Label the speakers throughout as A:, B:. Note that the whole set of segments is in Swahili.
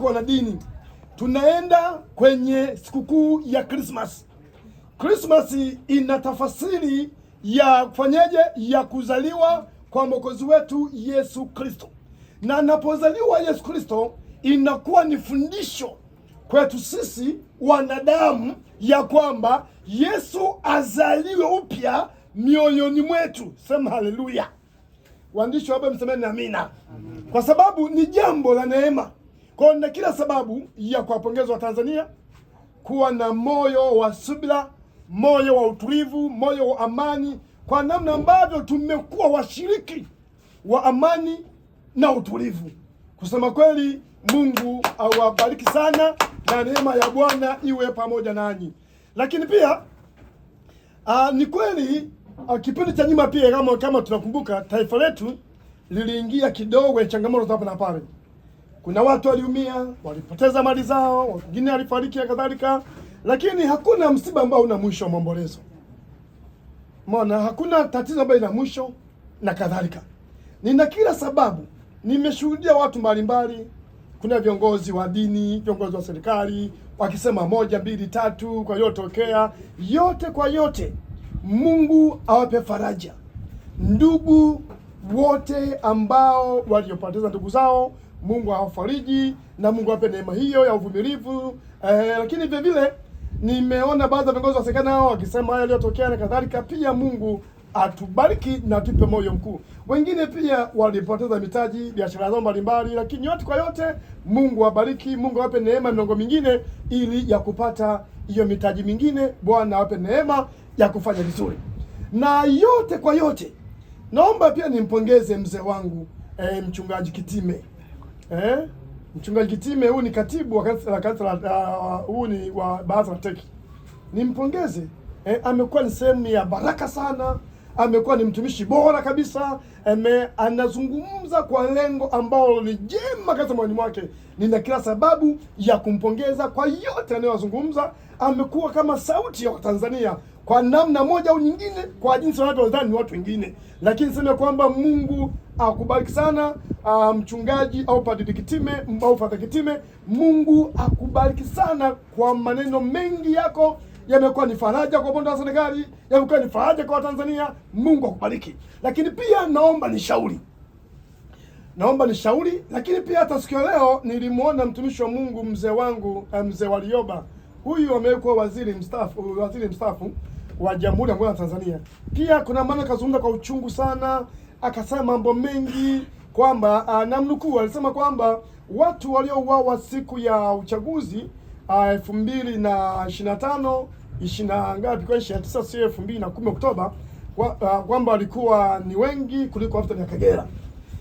A: kwa wanadini, tunaenda kwenye sikukuu ya Krismas. Krismas ina tafasiri ya kufanyeje? Ya kuzaliwa kwa mwokozi wetu Yesu Kristo, na anapozaliwa Yesu Kristo inakuwa ni fundisho kwetu sisi wanadamu ya kwamba Yesu azaliwe upya mioyoni mwetu. Sema haleluya! Waandishi wa habari msemeni amina, kwa sababu ni jambo la neema. Kwa na kila sababu ya kuwapongeza Watanzania kuwa na moyo wa subira, moyo wa utulivu, moyo wa amani, kwa namna ambavyo tumekuwa washiriki wa amani na utulivu. Kusema kweli, Mungu awabariki sana na neema ya Bwana iwe pamoja nanyi. Lakini pia a, ni kweli kipindi cha nyuma pia kama, kama tunakumbuka taifa letu liliingia kidogo ya changamoto za hapa na pale. Kuna watu waliumia, walipoteza mali zao, wengine walifariki na kadhalika, lakini hakuna msiba ambao una mwisho wa maombolezo. Umeona, hakuna tatizo ambayo ina mwisho na kadhalika. Nina kila sababu, nimeshuhudia watu mbalimbali, kuna viongozi wa dini, viongozi wa serikali wakisema moja, mbili, tatu kwa yotokea yote. Kwa yote, Mungu awape faraja ndugu wote ambao waliopoteza ndugu zao Mungu awafariji na Mungu awape neema hiyo ya uvumilivu eh, lakini vile vile nimeona baadhi ya viongozi wa serikali nao wakisema hayo yaliyotokea na kadhalika. Pia Mungu atubariki na tupe moyo mkuu. Wengine pia walipoteza mitaji, biashara zao mbalimbali, lakini yote kwa yote Mungu awabariki, Mungu awape neema miongo mingine ili ya kupata hiyo mitaji mingine. Bwana awape neema ya kufanya vizuri, na yote kwa yote naomba pia nimpongeze mzee wangu eh, mchungaji Kitime eh? Mchungaji Kitime huu ni katibu wa kanisa, uh, huu ni wa baraza la teki, nimpongeze eh, amekuwa ni sehemu ya baraka sana, amekuwa ni mtumishi bora kabisa ame, anazungumza kwa lengo ambalo ni jema kabisa moyoni mwake. Nina kila sababu ya kumpongeza kwa yote anayozungumza. Amekuwa kama sauti ya tanzania kwa namna moja au nyingine, kwa jinsi wanavyodhani ni watu wengine. Lakini sema kwamba Mungu akubariki sana uh, mchungaji au Padri Kitime au Padri Kitime, Mungu akubariki sana kwa maneno mengi yako yamekuwa ni faraja kwa bonde la serikali, yamekuwa ni faraja kwa Watanzania. Mungu akubariki. Lakini pia naomba nishauri, naomba nishauri. Lakini pia hata siku leo nilimwona mtumishi wa Mungu mzee wangu eh, mzee Warioba huyu amewekwa waziri mstaafu, waziri mstaafu wa Jamhuri ya Muungano wa Tanzania. Pia kuna maana akazungumza kwa uchungu sana, akasema mambo mengi kwamba ah, namnukuu, alisema kwamba watu waliouawa siku ya uchaguzi ah, elfu mbili na ishirini na tano ishirini na ngapi kwa ishirini na tisa sio elfu mbili na kumi Oktoba ah, kwamba walikuwa ni wengi kuliko watu ya Kagera.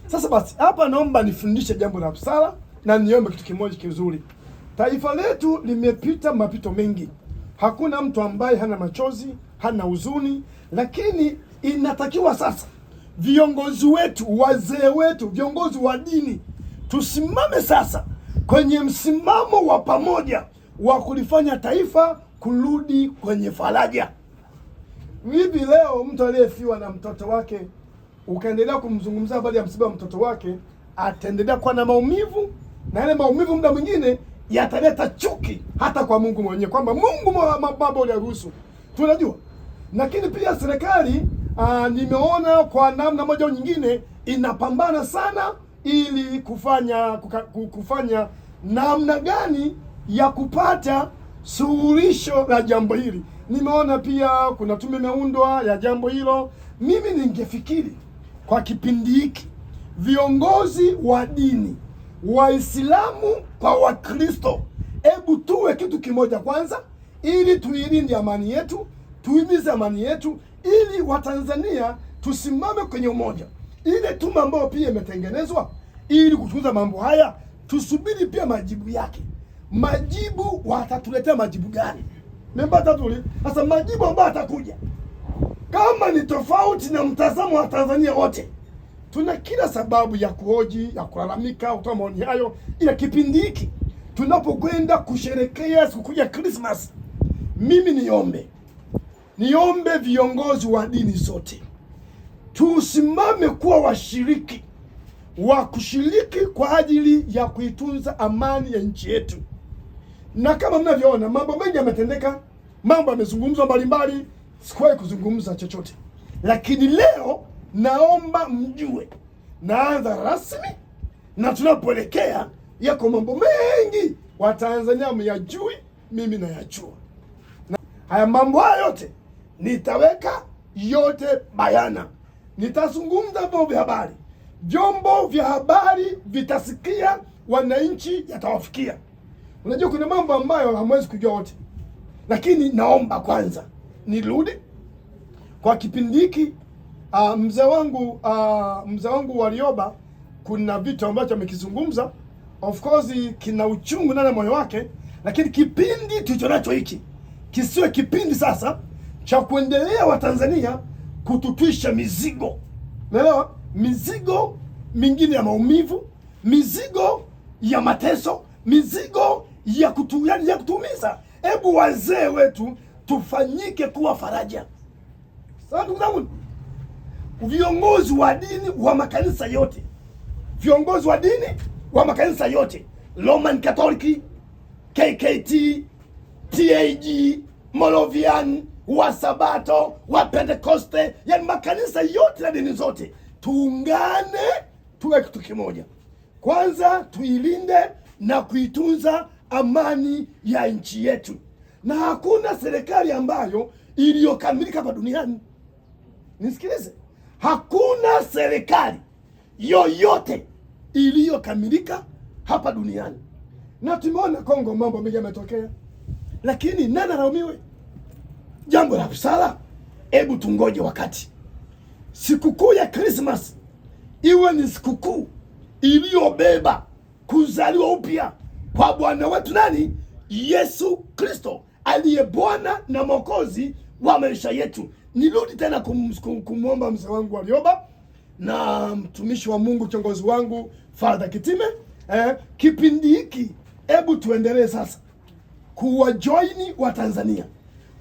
A: Sasa basi, hapa naomba nifundishe jambo la busara na niombe kitu kimoja kizuri. Taifa letu limepita mapito mengi, hakuna mtu ambaye hana machozi, hana huzuni, lakini inatakiwa sasa viongozi wetu, wazee wetu, viongozi wa dini, tusimame sasa kwenye msimamo wa pamoja wa kulifanya taifa kurudi kwenye faraja. Hivi leo mtu aliyefiwa na mtoto wake ukaendelea kumzungumzia habari ya msiba wa mtoto wake, ataendelea kuwa na maumivu na yale maumivu muda mwingine yataleta chuki hata kwa Mungu mwenyewe kwamba Mungu mababa uliruhusu, tunajua. Lakini pia serikali ah, nimeona kwa namna moja au nyingine inapambana sana ili kufanya kuka, kufanya namna gani ya kupata suluhisho la jambo hili. Nimeona pia kuna tume imeundwa ya jambo hilo. Mimi ningefikiri kwa kipindi hiki viongozi wa dini Waislamu kwa Wakristo, hebu tuwe kitu kimoja kwanza, ili tuilinde amani yetu, tuimize amani yetu, ili Watanzania tusimame kwenye umoja. Ile tume ambayo pia imetengenezwa ili kuchunguza mambo haya, tusubiri pia majibu yake. Majibu watatuletea majibu gani? Membatatuli sasa, majibu ambayo atakuja kama ni tofauti na mtazamo wa Tanzania wote tuna kila sababu ya kuhoji, ya kulalamika, kutoa maoni hayo, ila kipindi hiki tunapokwenda kusherekea sikukuu ya Christmas, mimi niombe niombe viongozi wa dini zote tusimame kuwa washiriki wa kushiriki kwa ajili ya kuitunza amani ya nchi yetu, na kama mnavyoona mambo mengi yametendeka, mambo yamezungumzwa mbalimbali, sikuwahi kuzungumza chochote, lakini leo naomba mjue naanza rasmi, na tunapoelekea yako mambo mengi Watanzania myajui, mimi nayajua na haya mambo haya yote nitaweka yote bayana, nitazungumza vyombo vya habari, vyombo vya habari vitasikia, wananchi yatawafikia. Unajua kuna mambo ambayo hamwezi kujua wote, lakini naomba kwanza nirudi kwa kipindi hiki Uh, mzee wangu uh, mzee wangu Warioba kuna vitu ambacho amekizungumza, of course kina uchungu ndani ya moyo wake, lakini kipindi tulichonacho hiki kisiwe kipindi sasa cha kuendelea Watanzania kututwisha mizigo, unaelewa, mizigo mingine ya maumivu, mizigo ya mateso, mizigo ya kutu, ya kutumiza. Hebu wazee wetu tufanyike kuwa faraja. sawa ndugu zangu viongozi wa dini wa makanisa yote, viongozi wa dini wa makanisa yote Roman Catholic, KKT, TAG, Moravian, Wasabato, wa Pentecoste, yani makanisa yote na dini zote, tuungane tuwe kitu kimoja. Kwanza tuilinde na kuitunza amani ya nchi yetu, na hakuna serikali ambayo iliyokamilika hapa duniani. Nisikilize, Hakuna serikali yoyote iliyokamilika hapa duniani, na tumeona Kongo mambo mengi yametokea, lakini nani alaumiwe? Jambo la busara, hebu tungoje wakati sikukuu ya Krismas iwe ni sikukuu iliyobeba kuzaliwa upya kwa Bwana wetu nani? Yesu Kristo aliye Bwana na Mwokozi wa maisha yetu nirudi tena kum, kum, kumwomba mzee wangu Warioba na mtumishi wa Mungu kiongozi wangu Father Kitime eh, kipindi hiki hebu tuendelee sasa kuwajoini Watanzania.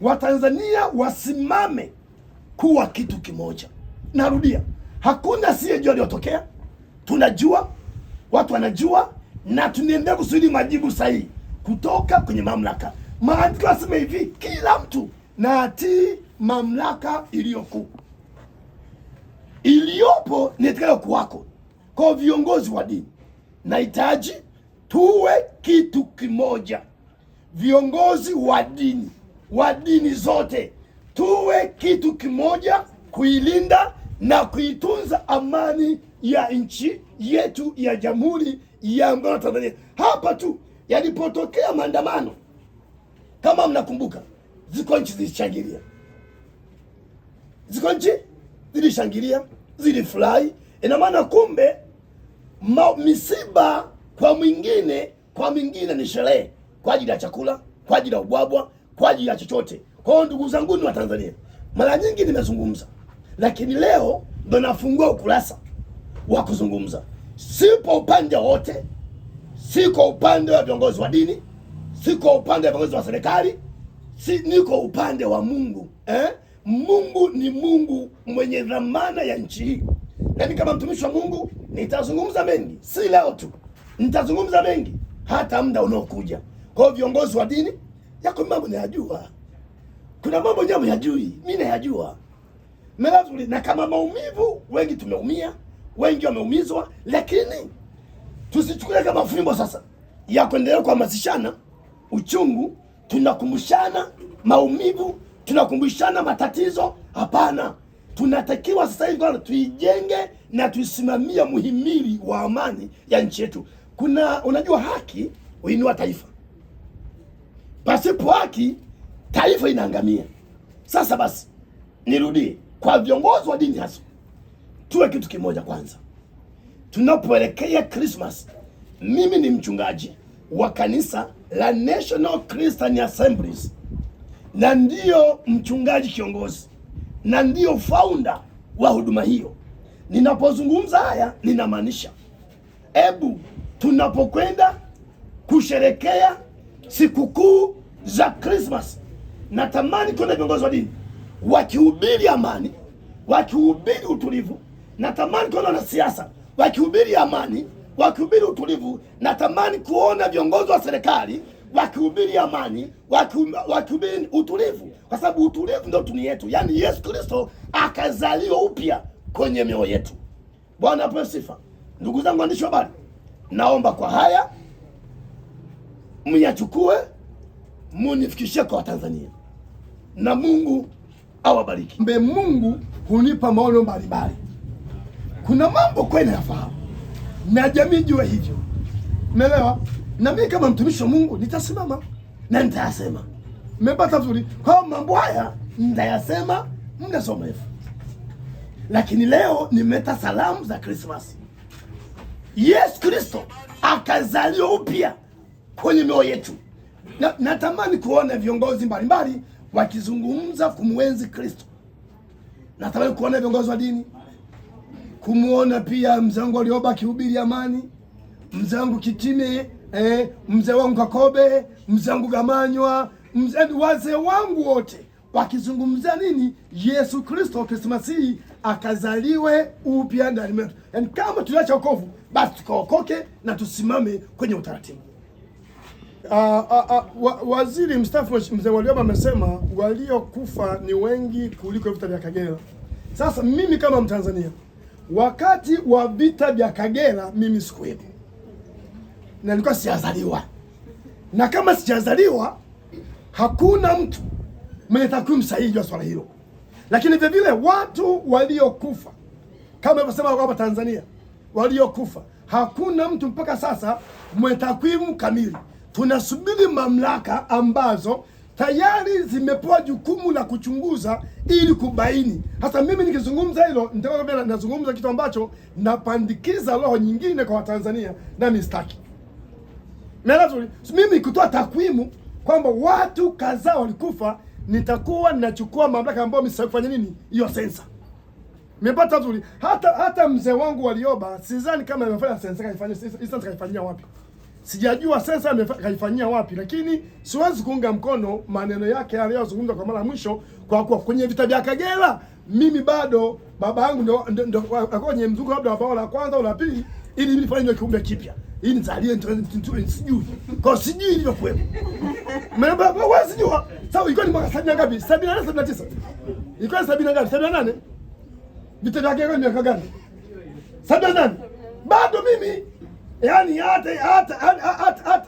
A: Watanzania wasimame kuwa kitu kimoja. Narudia, hakuna siyejua aliyotokea, tunajua watu wanajua, na tunaendelea kusudi majibu sahihi kutoka kwenye mamlaka. Maandiko yasema hivi, kila mtu na atii mamlaka iliyokuu iliyopo ni kuwako kwa viongozi wa dini. Nahitaji tuwe kitu kimoja, viongozi wa dini wa dini zote tuwe kitu kimoja, kuilinda na kuitunza amani ya nchi yetu ya Jamhuri ya Muungano wa Tanzania. Hapa tu yalipotokea maandamano, kama mnakumbuka, ziko nchi zilichangilia ziko nchi zilishangilia, zilifurahi. Ina maana kumbe ma, misiba kwa mwingine, kwa mwingine ni sherehe kwa ajili ya chakula, kwa ajili ya ubwabwa, kwa ajili ya chochote. Kwa hiyo ndugu zangu ni tanzania mara nyingi nimezungumza, lakini leo ndo nafungua ukurasa wa kuzungumza. sipo upande wote, siko upande wa viongozi wa dini, siko upande wa viongozi wa serikali, si niko upande wa Mungu eh? Mungu ni Mungu mwenye dhamana ya nchi hii. Nami yaani kama mtumishi wa Mungu nitazungumza mengi, si leo tu, nitazungumza mengi hata muda unaokuja. Kwa hiyo viongozi wa dini, yako mambo nayajua, kuna mambo nyinyi yajui, mimi nayajua Melazuli, na kama maumivu, wengi tumeumia, wengi wameumizwa, lakini tusichukulia kama fimbo sasa ya kuendelea kuhamasishana uchungu, tunakumbushana maumivu tunakumbushana matatizo? Hapana, tunatakiwa sasa hivi kwamba tuijenge na tuisimamia muhimili wa amani ya nchi yetu. Kuna unajua, haki huinua taifa, pasipo haki taifa inaangamia. Sasa basi, nirudie kwa viongozi wa dini hasa, tuwe kitu kimoja kwanza. Tunapoelekea Christmas, mimi ni mchungaji wa kanisa la National Christian Assemblies na ndio mchungaji kiongozi na ndio founder wa huduma hiyo. Ninapozungumza haya ninamaanisha, ebu tunapokwenda kusherekea sikukuu za Christmas, natamani kuona viongozi wa dini wakihubiri amani, wakihubiri utulivu. Natamani kuona wanasiasa wakihubiri amani, wakihubiri utulivu. Natamani kuona viongozi wa serikali wakihubiri amani, wakihubiri utulivu, kwa sababu utulivu ndio tuni yetu. Yaani Yesu Kristo akazaliwa upya kwenye mioyo yetu. Bwana apewe sifa. Ndugu zangu waandishi wa habari, naomba kwa haya myachukue, munifikishie kwa Watanzania na Mungu awabariki.
B: Mbe Mungu hunipa maono mbalimbali, kuna mambo kwena yafahamu na jamii jue hivyo Umeelewa? Na mimi kama mtumishi wa Mungu nitasimama na nitayasema. Mmepata vizuri? Kwa hiyo mambo haya nitayasema muda sio mrefu, lakini leo nimeta salamu za Krismasi. Yesu Kristo akazaliwa upya kwenye mioyo yetu, na natamani kuona viongozi mbalimbali wakizungumza kumwenzi Kristo. Natamani kuona viongozi wa dini, kumwona pia mzangu aliyobaki akihubiri amani mzangu Kitime eh, mzee wangu Kakobe, mzee wangu Gamanywa, mzee wazee wangu wote wakizungumzia nini? Yesu Kristo Krismasi hii akazaliwe upya ndani yetu. Yaani kama tuliacha wokovu, basi tukaokoke na tusimame kwenye utaratibu. Uh, uh, uh, wa, waziri mstaafu mzee Warioba amesema waliokufa ni wengi kuliko vita vya Kagera. Sasa mimi kama Mtanzania, wakati wa vita vya Kagera mimi sikuwepo na nilikuwa sijazaliwa, na kama sijazaliwa hakuna mtu mwenye takwimu sahihi juu ya swala hilo. Lakini vile vile watu waliokufa kama ilivyosema hapa Tanzania, waliokufa hakuna mtu mpaka sasa mwenye takwimu kamili. Tunasubiri mamlaka ambazo tayari zimepewa jukumu la kuchunguza ili kubaini. Hasa mimi nikizungumza hilo, nitakuwa nazungumza kitu ambacho napandikiza roho nyingine kwa Watanzania, nami sitaki na alafu mimi kutoa takwimu kwamba watu kadhaa walikufa, nitakuwa ninachukua mamlaka ambayo msifanye nini hiyo sensa. Nimepata vizuri. Hata hata mzee wangu walioba, sidhani kama amefanya sensa kaifanya sensa kaifanyia wapi. Sijajua sensa kaifanyia wapi, lakini siwezi kuunga mkono maneno yake aliyozungumza kwa mara mwisho, kwa kuwa kwenye vita vya Kagera mimi bado baba yangu ndo ndio kwenye mzunguko labda wa bao la kwanza au la pili, ili mimi nifanye kiumbe kipya hii nizalie sijui kwa sijui ilivyokuwepo sijua sawa. Ilikuwa ni mwaka sabini ngapi? sabini na ilikuwa ni ngapi? sabini na vyake ni miaka gani? sabini bado mimi yaani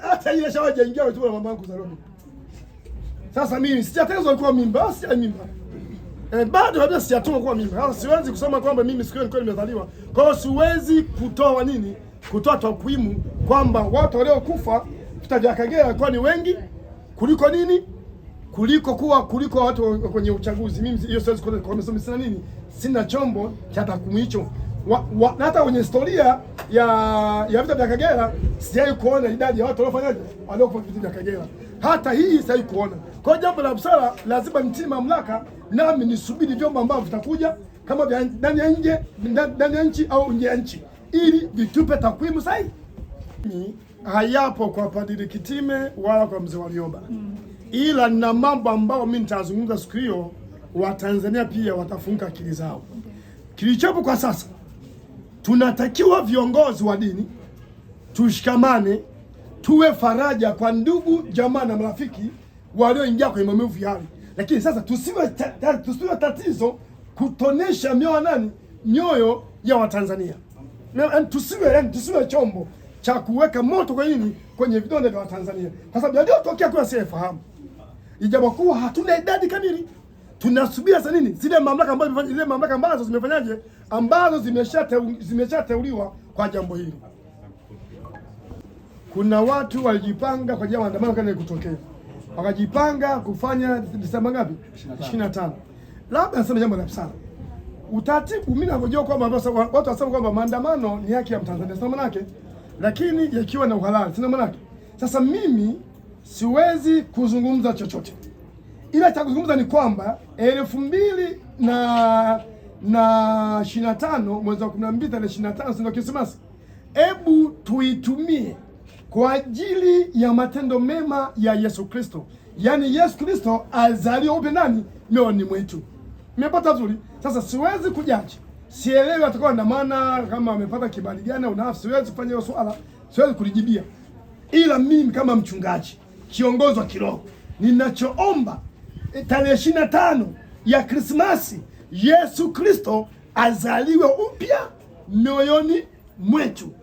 B: hata ile shawa hajaingia tumbo mama yangu Salome. Sasa mimi sijatezwa kuwa mimba, sija mimba eh, bado labda sijatumwa kuwa mimba. Sasa siwezi kusema kwamba mimi siku nilikuwa nimezaliwa, kwa hiyo siwezi kutoa nini kutoa takwimu kwamba watu waliokufa hospitali ya Kagera walikuwa ni wengi kuliko nini kuliko kuwa kuliko watu kwenye uchaguzi. Mimi hiyo siwezi sina nini, sina chombo cha takwimu hicho, na hata kwenye historia ya ya vita vya Kagera sijai kuona idadi ya watu waliofanyaje waliokufa vita vya Kagera, hata hii sijai kuona. Kwa jambo la busara, lazima nitii mamlaka nami nisubiri vyombo ambavyo vitakuja kama vya ndani ya nje ndani ya nchi au nje ya nchi ili vitupe takwimu sahihi. Hayapo kwa Padri Kitime wala kwa mzee Warioba, mm. ila na mambo ambayo mimi nitazungumza siku hiyo, Watanzania pia watafunga akili zao. Kilichopo kwa sasa, tunatakiwa viongozi wa dini tushikamane, tuwe faraja kwa ndugu jamaa na marafiki walioingia kwenye maumivu ya lakini sasa tusiwe ta, ta, tusiwe tatizo kutonesha mioyo nani, mioyo ya Watanzania na tusiwe tusiwe chombo cha kuweka moto kwa nini kwenye vidonda vya Watanzania, kwa sababu yaliyotokea kuna siyafahamu, ijapokuwa hatuna idadi kamili. Tunasubiri sasa nini zile mamlaka ambazo zile mamlaka ambazo zimefanyaje ambazo zimeshateuliwa kwa jambo hili. Kuna watu walijipanga kwa ajili ya maandamano kana kutokea, wakajipanga kufanya Desemba ngapi? 25. Labda nasema jambo la busara utaratibu mimi navyojua kwamba watu wasema kwamba maandamano ni haki ya Mtanzania, sina maana yake, lakini yakiwa na uhalali, sina maana yake. Sasa mimi siwezi kuzungumza chochote, ila cha kuzungumza ni kwamba elfu mbili na na ishirini na tano mwezi wa kumi na mbili tarehe ishirini na tano sindo Krismasi, hebu tuitumie kwa ajili ya matendo mema ya Yesu Kristo, yaani Yesu Kristo azaliwa upe ndani mioyoni mwetu. Mmepata zuri? Sasa siwezi kujaji, sielewi atakuwa na maana kama amepata kibali gani au nafsi, siwezi kufanya hiyo swala, siwezi kulijibia, ila mimi kama mchungaji kiongozi wa kiroho ninachoomba eh, tarehe ishirini na tano ya Krismasi Yesu Kristo azaliwe upya mioyoni mwetu.